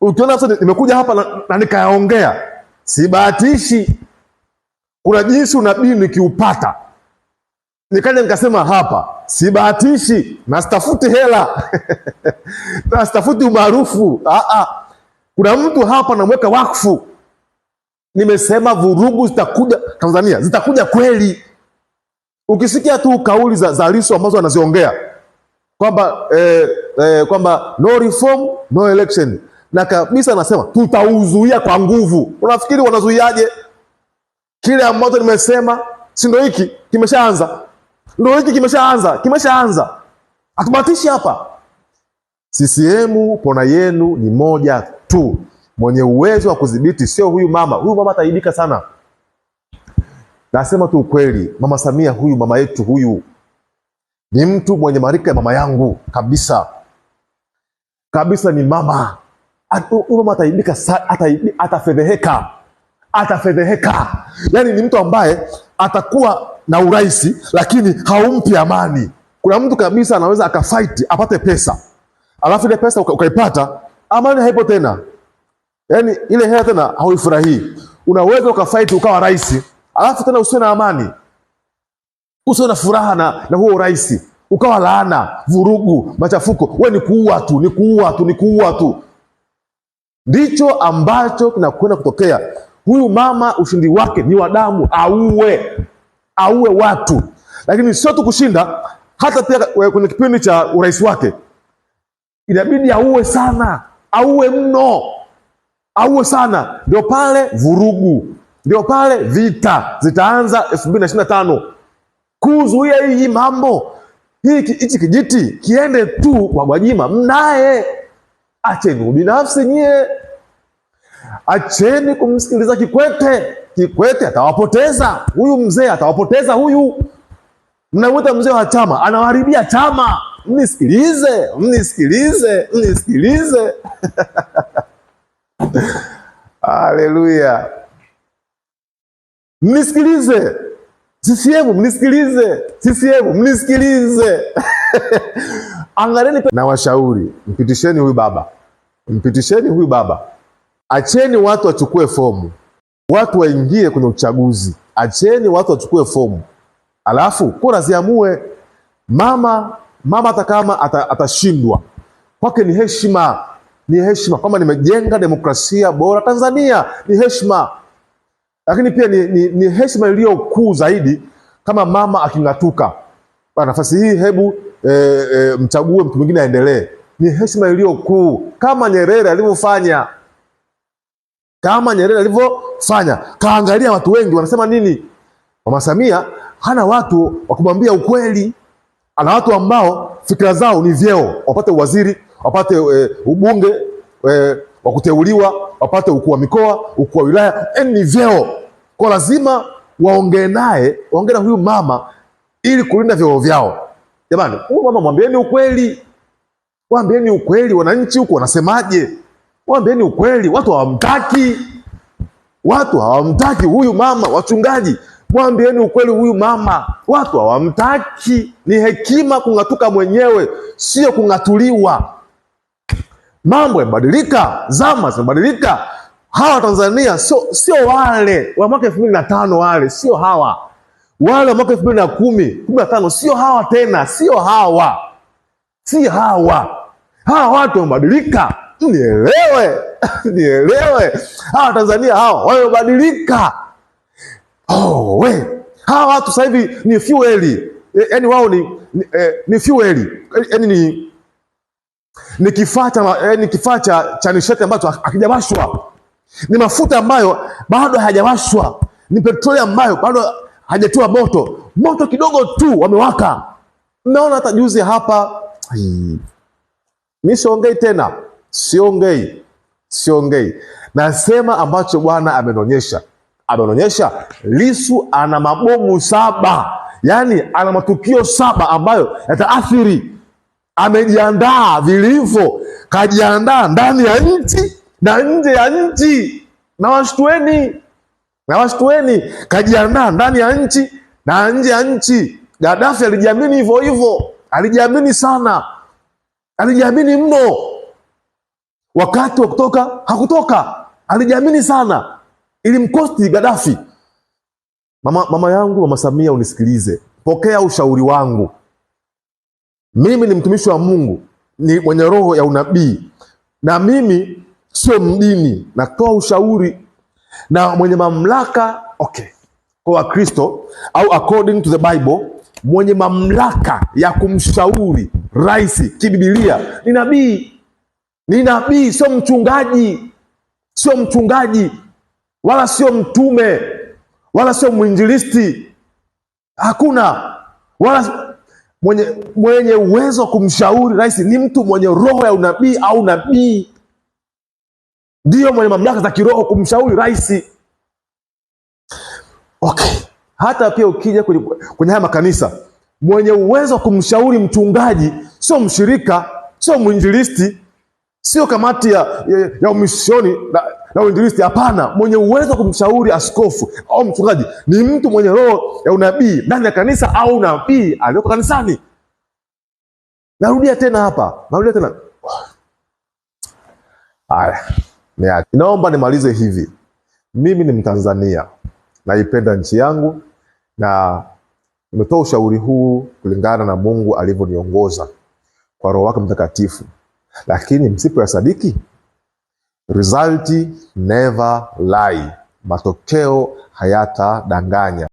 ukiona sasa nimekuja hapa na, na nikayaongea, sibahatishi. Kuna jinsi unabii nikiupata nikaja nikasema hapa, sibahatishi na sitafuti hela na sitafuti umaarufu. Kuna mtu hapa namweka wakfu. Nimesema vurugu zitakuja Tanzania, zitakuja kweli. Ukisikia tu kauli za, za Lissu ambazo anaziongea kwamba eh, eh, kwamba no reform no election na kabisa anasema tutauzuia kwa nguvu. Unafikiri wanazuiaje? Kile ambacho nimesema, si ndio? Hiki kimeshaanza, ndio hiki kimeshaanza, kimeshaanza. Atubatishi hapa. CCM pona yenu ni moja tu, mwenye uwezo wa kudhibiti sio huyu mama. Huyu mama ataibika sana, nasema tu ukweli. Mama Samia huyu, mama yetu huyu, ni mtu mwenye marika ya mama yangu kabisa kabisa, ni mama mama ataibika, atafedheheka, atafedheheka. Yani ni mtu ambaye atakuwa na urahisi, lakini haumpi amani. Kuna mtu kabisa anaweza akafaiti apate pesa, alafu ile pesa ukaipata, amani haipo tena, yani ile hela tena hauifurahii. Unaweza ukafaiti ukawa rahisi, alafu tena usiwe na amani, usiwe na furaha na, na huo urahisi ukawa laana, vurugu, machafuko. We ni kuua tu, ni kuua tu, ni kuua tu Ndicho ambacho kinakwenda kutokea. Huyu mama ushindi wake ni wa damu, auwe auwe watu. Lakini sio tu kushinda, hata pia eh, kwenye kipindi cha urais wake inabidi auwe sana, auwe mno, auwe sana. Ndio pale vurugu, ndio pale vita zitaanza elfu mbili na ishirini na tano kuzuia hii mambo, hichi kijiti kiende tu. gwajima mnaye Acheni ubinafsi nyie, acheni kumsikiliza Kikwete. Kikwete atawapoteza huyu mzee, atawapoteza huyu. Mnamwita mzee wa chama, anawaharibia chama. Mnisikilize, mnisikilize, mnisikilize. Haleluya, mnisikilize. CCM mnisikilize, CCM mnisikilize. Angalieni na washauri, mpitisheni huyu baba, mpitisheni huyu baba. Acheni watu wachukue fomu, watu waingie kwenye uchaguzi. Acheni watu wachukue fomu, alafu kura ziamue. Mama mama hata kama atashindwa, kwake ni heshima, ni heshima kwamba nimejenga demokrasia bora Tanzania, ni heshima. Lakini pia ni, ni, ni heshima iliyo kuu zaidi kama mama aking'atuka kwa ah, nafasi hii hebu e, e, mchague mtu mwingine aendelee. Ni heshima iliyo kuu, kama Nyerere alivyofanya, kama Nyerere alivyofanya. Kaangalia watu wengi wanasema nini. Mama Samia hana watu wa kumwambia ukweli, ana watu ambao fikira zao ni vyeo, wapate uwaziri, wapate e, ubunge e, wa kuteuliwa, wapate ukuu wa mikoa, ukuu wa wilaya, yaani ni vyeo kwa lazima waongee naye, waongee na huyu mama ili kulinda vyoo vyao. Jamani, huyu mama mwambieni ukweli, mwambieni ukweli, wananchi huko wanasemaje? Mwambieni ukweli, watu hawamtaki, watu hawamtaki huyu mama. Wachungaji, mwambieni ukweli huyu mama, watu hawamtaki. Ni hekima kung'atuka mwenyewe, sio kung'atuliwa. Mambo yamebadilika, zama zimebadilika. Hawa Tanzania sio sio wale wa mwaka elfu mbili na tano, wale sio hawa wale mwaka elfu mbili na kumi kumi na tano sio hawa tena, sio hawa, si hawa. Hawa watu wamebadilika, nielewe nielewe. Hawa Tanzania hawa wamebadilika. Oh, we hawa watu sasa hivi ni fueli, e, eh, yani wao ni eh, ni, e, ni fueli, yani e, ni ni kifaa cha e, ni kifaa cha cha nishati ambacho hakijawashwa, ni mafuta ambayo bado hayajawashwa, ni petroli ambayo bado hajatua moto, moto kidogo tu wamewaka. Mmeona hata juzi hapa. Mi siongei tena, siongei, siongei, nasema ambacho Bwana amenionyesha. Amenionyesha Lisu ana mabomu saba, yaani ana matukio saba ambayo yataathiri. Amejiandaa vilivyo, kajiandaa ndani ya nchi na nje ya nchi, na washtueni na wastueni, kajiandaa ndani ya nchi na nje ya nchi. Gaddafi alijiamini hivyo hivyo, alijiamini sana, alijiamini mno. Wakati wa kutoka hakutoka, alijiamini sana, ilimkosti Gaddafi. Mama, mama yangu, mama Samia, unisikilize, pokea ushauri wangu. Mimi ni mtumishi wa Mungu, ni mwenye roho ya unabii, na mimi sio mdini, natoa ushauri na mwenye mamlaka okay, kwa Wakristo au according to the Bible, mwenye mamlaka ya kumshauri rais kibibilia ni nabii. Ni nabii, sio mchungaji, sio mchungaji wala sio mtume wala sio mwinjilisti, hakuna wala mwenye mwenye uwezo wa kumshauri rais ni mtu mwenye roho ya unabii au nabii ndiyo mwenye mamlaka za kiroho kumshauri rais. Okay, hata pia ukija kwenye haya makanisa, mwenye uwezo wa kumshauri mchungaji sio mshirika, sio mwinjilisti, sio kamati ya, ya, ya umisioni na, na uinjilisti. Hapana, mwenye uwezo wa kumshauri askofu au mchungaji ni mtu mwenye roho ya unabii ndani ya kanisa au nabii aliyoko kanisani. Narudia tena hapa, narudia tena haya yake. Naomba nimalize hivi, mimi ni Mtanzania, naipenda nchi yangu na nimetoa ushauri huu kulingana na Mungu alivyoniongoza kwa Roho wake Mtakatifu, lakini sadiki, result never lie, matokeo hayatadanganya.